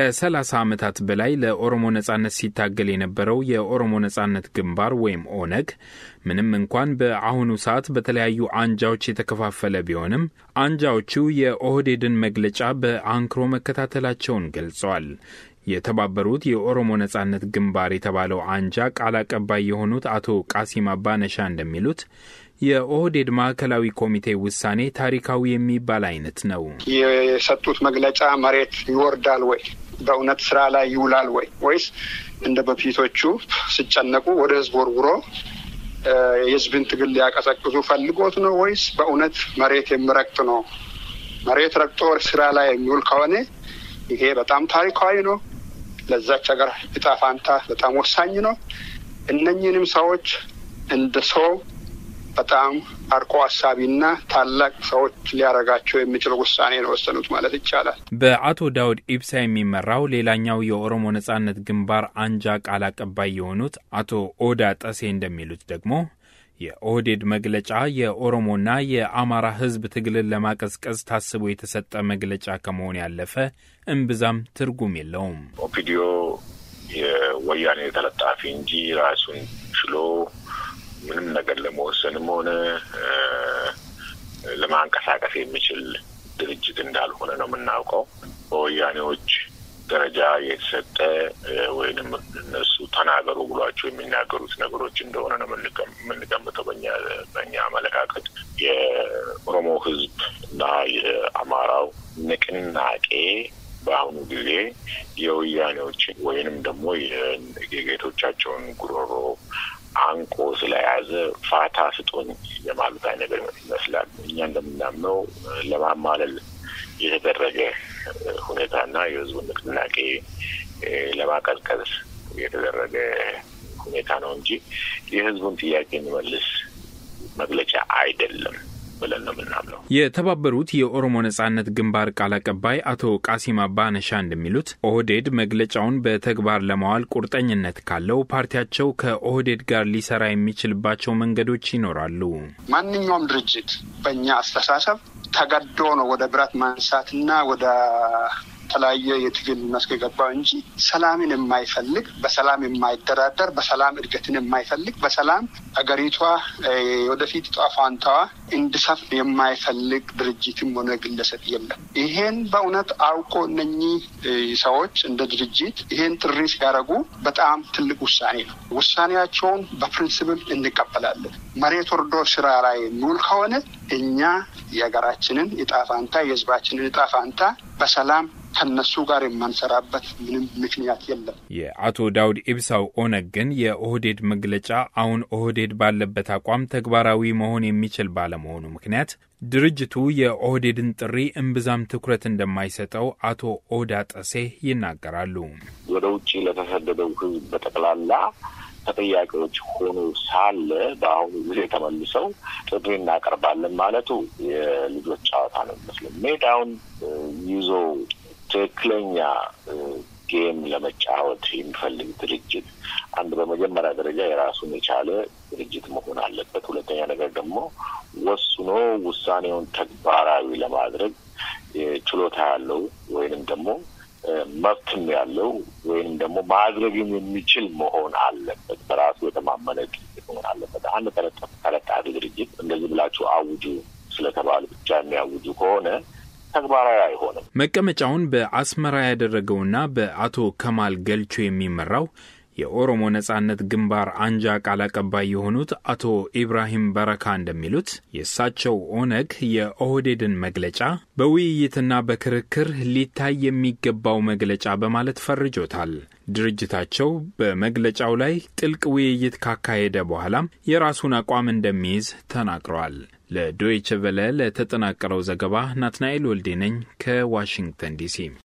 ከ30 ዓመታት በላይ ለኦሮሞ ነጻነት ሲታገል የነበረው የኦሮሞ ነጻነት ግንባር ወይም ኦነግ ምንም እንኳን በአሁኑ ሰዓት በተለያዩ አንጃዎች የተከፋፈለ ቢሆንም አንጃዎቹ የኦህዴድን መግለጫ በአንክሮ መከታተላቸውን ገልጸዋል። የተባበሩት የኦሮሞ ነጻነት ግንባር የተባለው አንጃ ቃል አቀባይ የሆኑት አቶ ቃሲም አባነሻ እንደሚሉት የኦህዴድ ማዕከላዊ ኮሚቴ ውሳኔ ታሪካዊ የሚባል አይነት ነው። የሰጡት መግለጫ መሬት ይወርዳል ወይ በእውነት ስራ ላይ ይውላል ወይ ወይስ እንደ በፊቶቹ ሲጨነቁ ወደ ህዝብ ወርውሮ የህዝብን ትግል ሊያቀሰቅሱ ፈልጎት ነው ወይስ በእውነት መሬት የሚረግጥ ነው? መሬት ረግጦ ስራ ላይ የሚውል ከሆነ ይሄ በጣም ታሪካዊ ነው። ለዛች ሀገር እጣ በጣም ወሳኝ ነው። እነኝንም ሰዎች እንደ ሰው በጣም አርቆ አሳቢና ታላቅ ሰዎች ሊያደርጋቸው የሚችል ውሳኔ ነው ወሰኑት ማለት ይቻላል። በአቶ ዳውድ ኢብሳ የሚመራው ሌላኛው የኦሮሞ ነጻነት ግንባር አንጃ ቃል አቀባይ የሆኑት አቶ ኦዳ ጠሴ እንደሚሉት ደግሞ የኦህዴድ መግለጫ የኦሮሞና የአማራ ሕዝብ ትግልን ለማቀዝቀዝ ታስቦ የተሰጠ መግለጫ ከመሆን ያለፈ እምብዛም ትርጉም የለውም። ኦፒዲዮ የወያኔ ተለጣፊ እንጂ ራሱን ችሎ ምንም ነገር ለመወሰንም ሆነ ለማንቀሳቀስ የሚችል ድርጅት እንዳልሆነ ነው የምናውቀው። በወያኔዎች ደረጃ የተሰጠ ወይንም እነሱ ተናገሩ ብሏቸው የሚናገሩት ነገሮች እንደሆነ ነው የምንገምተው። በእኛ አመለካከት የኦሮሞ ሕዝብ እና የአማራው ንቅናቄ በአሁኑ ጊዜ የወያኔዎችን ወይንም ደግሞ የጌቶቻቸውን ጉሮሮ አንቆ ስለያዘ ፋታ ስጡን የማለት ነገር ይመስላል። እኛ እንደምናምነው ለማማለል የተደረገ ሁኔታና የህዝቡን ንቅናቄ ለማቀዝቀዝ የተደረገ ሁኔታ ነው እንጂ የህዝቡን ጥያቄ የሚመልስ መግለጫ አይደለም። ብለን ነው የምናምነው። የተባበሩት የኦሮሞ ነጻነት ግንባር ቃል አቀባይ አቶ ቃሲም አባ ነሻ እንደሚሉት ኦህዴድ መግለጫውን በተግባር ለማዋል ቁርጠኝነት ካለው ፓርቲያቸው ከኦህዴድ ጋር ሊሰራ የሚችልባቸው መንገዶች ይኖራሉ። ማንኛውም ድርጅት በእኛ አስተሳሰብ ተገዶ ነው ወደ ብረት ማንሳትና ወደ የተለያየ የትግል መስክ የገባው እንጂ ሰላምን የማይፈልግ በሰላም የማይደራደር በሰላም እድገትን የማይፈልግ በሰላም አገሪቷ ወደፊት ዕጣ እንድሰፍ እንዲሰፍ የማይፈልግ ድርጅትም ሆነ ግለሰብ የለም። ይሄን በእውነት አውቆ እነኚህ ሰዎች እንደ ድርጅት ይሄን ጥሪ ሲያደርጉ በጣም ትልቅ ውሳኔ ነው። ውሳኔያቸውን በፕሪንስፕል እንቀበላለን። መሬት ወርዶ ስራ ላይ የሚውል ከሆነ እኛ የሀገራችንን የጣፋንታ፣ የህዝባችንን ዕጣ በሰላም ከነሱ ጋር የማንሰራበት ምንም ምክንያት የለም። የአቶ ዳውድ ኢብሳው ኦነግ ግን የኦህዴድ መግለጫ አሁን ኦህዴድ ባለበት አቋም ተግባራዊ መሆን የሚችል ባለመሆኑ ምክንያት ድርጅቱ የኦህዴድን ጥሪ እምብዛም ትኩረት እንደማይሰጠው አቶ ኦዳ ጠሴ ይናገራሉ። ወደ ውጭ ለተሰደደው ህዝብ በጠቅላላ ተጠያቂዎች ሆኖ ሳለ በአሁኑ ጊዜ ተመልሰው ጥሪ እናቀርባለን ማለቱ የልጆች ጨዋታ ነው ይመስል ሜዳውን ይዞ ትክክለኛ ጌም ለመጫወት የሚፈልግ ድርጅት አንድ በመጀመሪያ ደረጃ የራሱን የቻለ ድርጅት መሆን አለበት። ሁለተኛ ነገር ደግሞ ወስኖ ውሳኔውን ተግባራዊ ለማድረግ ችሎታ ያለው ወይንም ደግሞ መብትም ያለው ወይንም ደግሞ ማድረግም የሚችል መሆን አለበት። በራሱ የተማመነ ድርጅት መሆን አለበት። አንድ ተለጣፊ ድርጅት እንደዚህ ብላችሁ አውጁ ስለተባሉ ብቻ የሚያውጁ ከሆነ ተግባራዊ አይሆንም። መቀመጫውን በአስመራ ያደረገውና በአቶ ከማል ገልቾ የሚመራው የኦሮሞ ነጻነት ግንባር አንጃ ቃል አቀባይ የሆኑት አቶ ኢብራሂም በረካ እንደሚሉት የእሳቸው ኦነግ የኦህዴድን መግለጫ በውይይትና በክርክር ሊታይ የሚገባው መግለጫ በማለት ፈርጆታል። ድርጅታቸው በመግለጫው ላይ ጥልቅ ውይይት ካካሄደ በኋላም የራሱን አቋም እንደሚይዝ ተናግረዋል። ለዶይቸ ቨለ ለተጠናቀረው ዘገባ ናትናኤል ወልዴ ነኝ ከዋሽንግተን ዲሲ